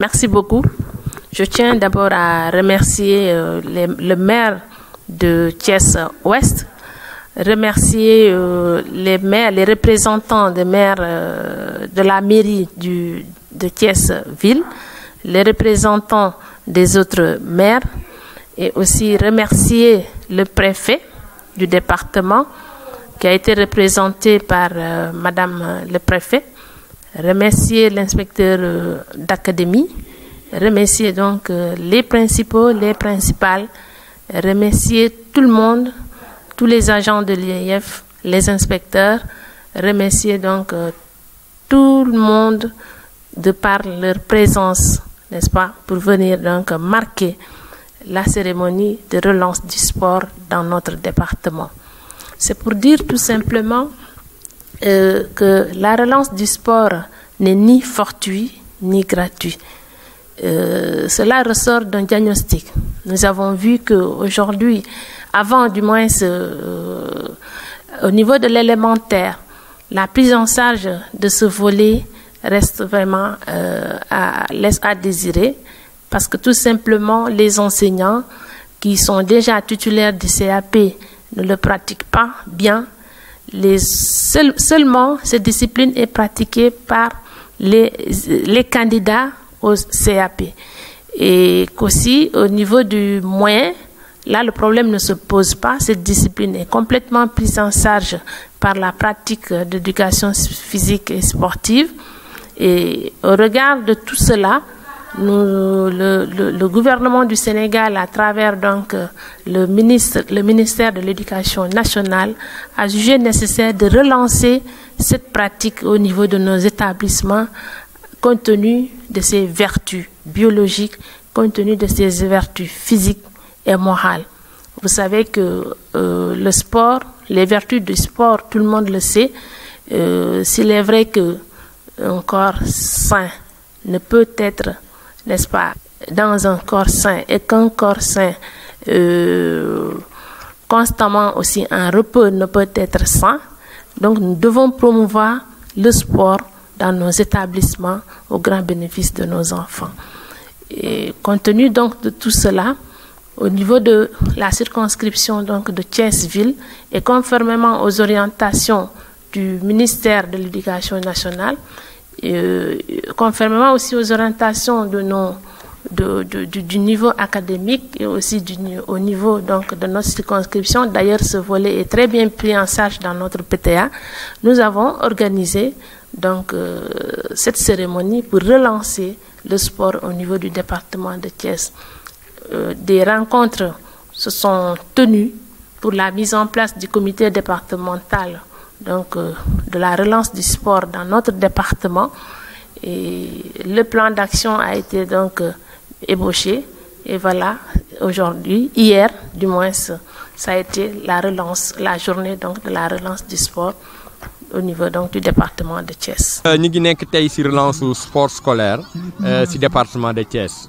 Merci beaucoup. Je tiens d'abord à remercier euh, le maire de Thiès Ouest, remercier euh, les maires, les représentants des maires euh, de la mairie de Thiès Ville, les représentants des autres maires et aussi remercier le préfet du département qui a été représenté par Madame le préfet remercier l'inspecteur euh, d'académie, remercier donc euh, les principaux, les principales, remercier tout le monde, tous les agents de l'IAF, les inspecteurs, remercier donc euh, tout le monde de par leur présence, n'est-ce pas, pour venir donc marquer la cérémonie de relance du sport dans notre département. C'est pour dire tout simplement euh, que la relance du sport n'est ni fortuite ni gratuite. Euh, cela ressort d'un diagnostic. Nous avons vu qu'aujourd'hui, avant du moins euh, au niveau de l'élémentaire, la prise en charge de ce volet reste vraiment à, laisse à désirer parce que tout simplement les enseignants qui sont déjà titulaires du CAP ne le pratiquent pas bien seulement, cette discipline est pratiquée par les, candidats au CAP. Et qu'aussi, au niveau du moyen, là, le problème ne se pose pas. Cette discipline est complètement prise en charge par la pratique d'éducation physique et sportive. Et au regard de tout cela, le, gouvernement du Sénégal, à travers donc euh, le, ministre, le ministère de l'Éducation nationale, a jugé nécessaire de relancer cette pratique au niveau de nos établissements, compte tenu de ses vertus biologiques, compte tenu de ses vertus physiques et morales. Vous savez que euh, le sport, les vertus du sport, tout le monde le sait. Euh, s'il est vrai que un corps sain ne peut être n'est-ce pas, dans un corps sain et qu'un corps sain euh, constamment aussi en repos ne peut être sain. Donc nous devons promouvoir le sport dans nos établissements au grand bénéfice de nos enfants. Et compte tenu donc de tout cela, au niveau de la circonscription donc de thiès et conformément aux orientations du ministère de l'Éducation nationale, et euh, conformément aussi aux orientations de nos, du, niveau académique et aussi du, au niveau donc, de notre circonscription. D'ailleurs, ce volet est très bien pris en charge dans notre PTA. Nous avons organisé donc, euh, cette cérémonie pour relancer le sport au niveau du département de Thiès. Euh, des rencontres se sont tenues pour la mise en place du comité départemental donc, euh, de la relance du sport dans notre département. Et le plan d'action a été donc euh, ébauché. Et voilà, aujourd'hui, hier du moins, ça a été la relance, la journée donc de la relance du sport au niveau du département de Thiès. Euh, nous ici relance au sport scolaire, du euh, département de Thiès.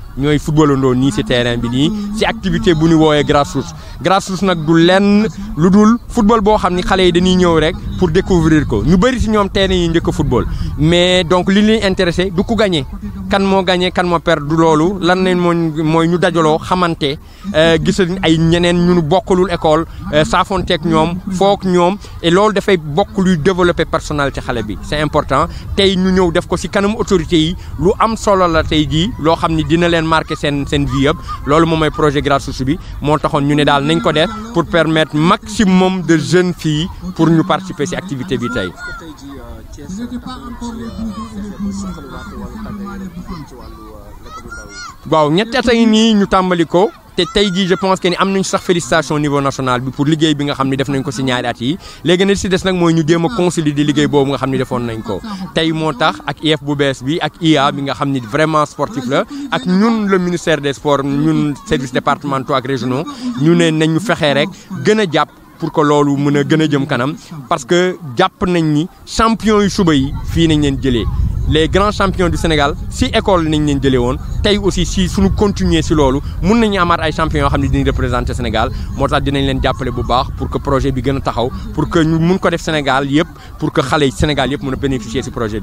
ñooy footballandoo nii si terrain bi nii si activité bu ñu woowee grassroots grassroots nag du lenn lu dul football boo xam ni xale yi dañuy ñëw rek pour découvrir ko ñu bëri si ñoom terrain yi njëkk football mais donc li leen intéressé du ku gagné kan moo gagné kan moo perdre du loolu lan leen moo mooy ñu dajaloo xamante euh, gisal ay ñeneen ñu bokkulul école euh, saafonteeg ñoom foog ñoom et loolu dafay bokk luy développer personnel ci xale bi c'est important tey ñu ñëw def ko si kanam autorité yi lu am solo la tey jii loo xam ni dina leen marqué sen vie projet grâce bi ñu pour permettre maximum de jeunes filles pour nous participer activité bi te tey jii je pense que ni am nañ sax félicitation niveau national bi pour liggéey bi nga xam ne def nañ ko si ñaari at yi léegi nag si des nag mooy ñu jéem a ah. consolider liggéey boobu nga xam ne defoon nañ ko ah, Tay moo tax ak IEF bu bees bi ak IA bi nga xam vraiment sportif la ak ñun le ministère des sports ñun service départemental, ak régionaux ñu ne nañ ñu fexee rek gën a pour que loolu mën a gën a jëm kanam parce que jàpp nañ ni champion yu suba yi fii nañ leen jëlee les grands champions du Sénégal si école de Léon, si nous continuons aussi si suñu continuer si nous mun nous amaat ay champions qui représentent le le Sénégal Nous tax nous leen pour que le projet soit plus pour que nous puissions ko def Sénégal pour que les Sénégalais Sénégal bénéficier de ce projet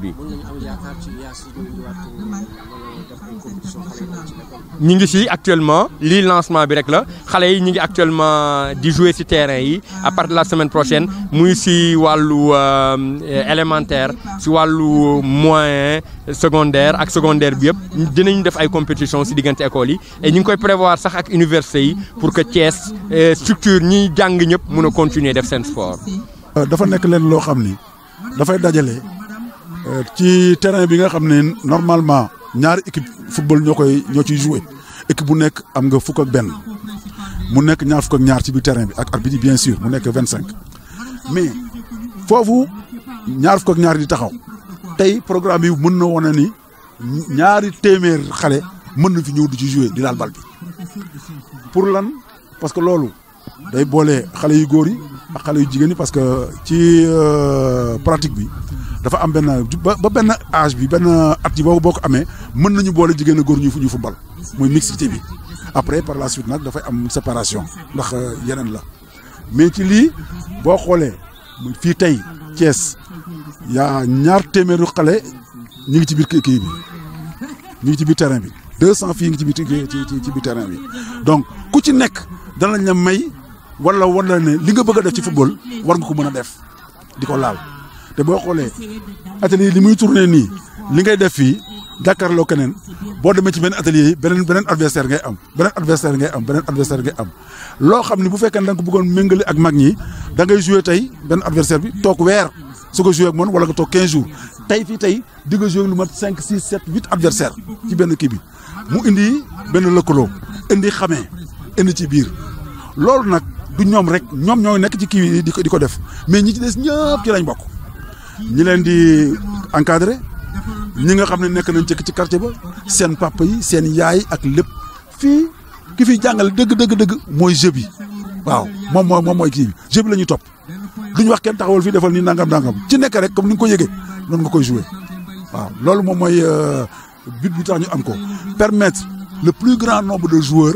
nous, ngi actuellement le lancement bi la xale yi ñi actuellement di jouer ci terrain à partir de la semaine prochaine sommes ci wàllu euh, élémentaire ci le moyen secondaire ak secondaire bi avons fait def ay compétition ci l'école. école et nous ngi koy prévoir sax ak pour que Thiès euh, structure ñiy jàng ñëpp mën a continuer def sport. Euh, dafa nekk leen loo xam ni dafay dajale ci terrain bi nga normalement ñaar équipe football ñoo koy ñoo ciy équipe bu nek am nga fuk ak ben mu nek ñaar fuk ak ñaar ci bi terrain bi ak arbitre bien sûr mu nek 25 mais fofu ñaar fuk ak ñaar di taxaw tay programme bi mën na wane ni ñaari téeméer xale mën na fi ñëw du ci jouer di laal bal bi pour lan parce que lolu day bolé xalé yu góor yi parce que ci euh, pratique bi dafa am âge bi benn at yi boo ko amee nañu boole football mixité après par la suite séparation ndax euh, la mais ci lii boo xoolee fii tey Thiès ñaar téeméeru xale ñu ci biir bi ci terrain bi terrain donc ku ci nekk la war wala ne li nga bëgg a def ci football war nga ko mën a def di ko laal te boo xoolee atelier li muy tourné nii li ngay def fii jàkkaarloo keneen boo demee ci benn atelier yi beneen beneen adversaire ngay am beneen adversaire ngay am beneen adversaire ngay am loo xam ne bu fekkee ne da nga ak mag ñi dangay ngay joué tey benn adversaire bi toog weer su ko joué ak moom wala nga toog 15 jours tey fii tey di nga joué lu mat 5 6 7 8 adversaire ci benn kii bi mu indi benn lëkkaloo indi xamee indi ci biir loolu nag. du ñom rek ñom ñoy di ko def mais ñi ci des ñepp ci lañ bok ñi leen di ñi nga ne nañ ci ci quartier ba sen papa yi yaay ak ki fi jangal deug deug deug jeu bi waaw jeu bi duñ wax taxawal nangam nangam comme ko nga koy waaw euh, but permettre le plus grand nombre de joueurs.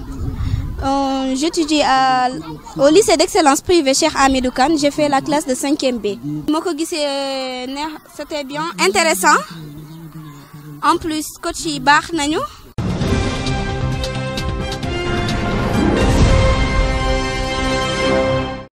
Euh, j'étudie au lycée d'excellence privé Cher à J'ai fait la classe de 5e B. Euh, c'était bien intéressant. En plus, coach, Bar barre,